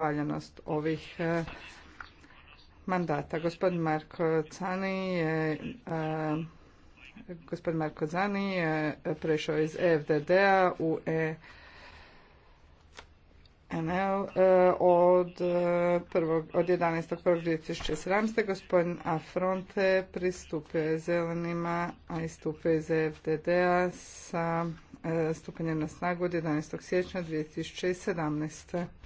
valjanost ovih e, mandata. Gospodin Marko Cani je e, gospodin Marko Zani je prešao iz EFDD-a u e NL e, od, 1. od 11.1.2017. Gospodin Afronte pristupio je zelenima, a istupio iz EFDD-a sa stupanjem na snagu od 11. siječnja 2017.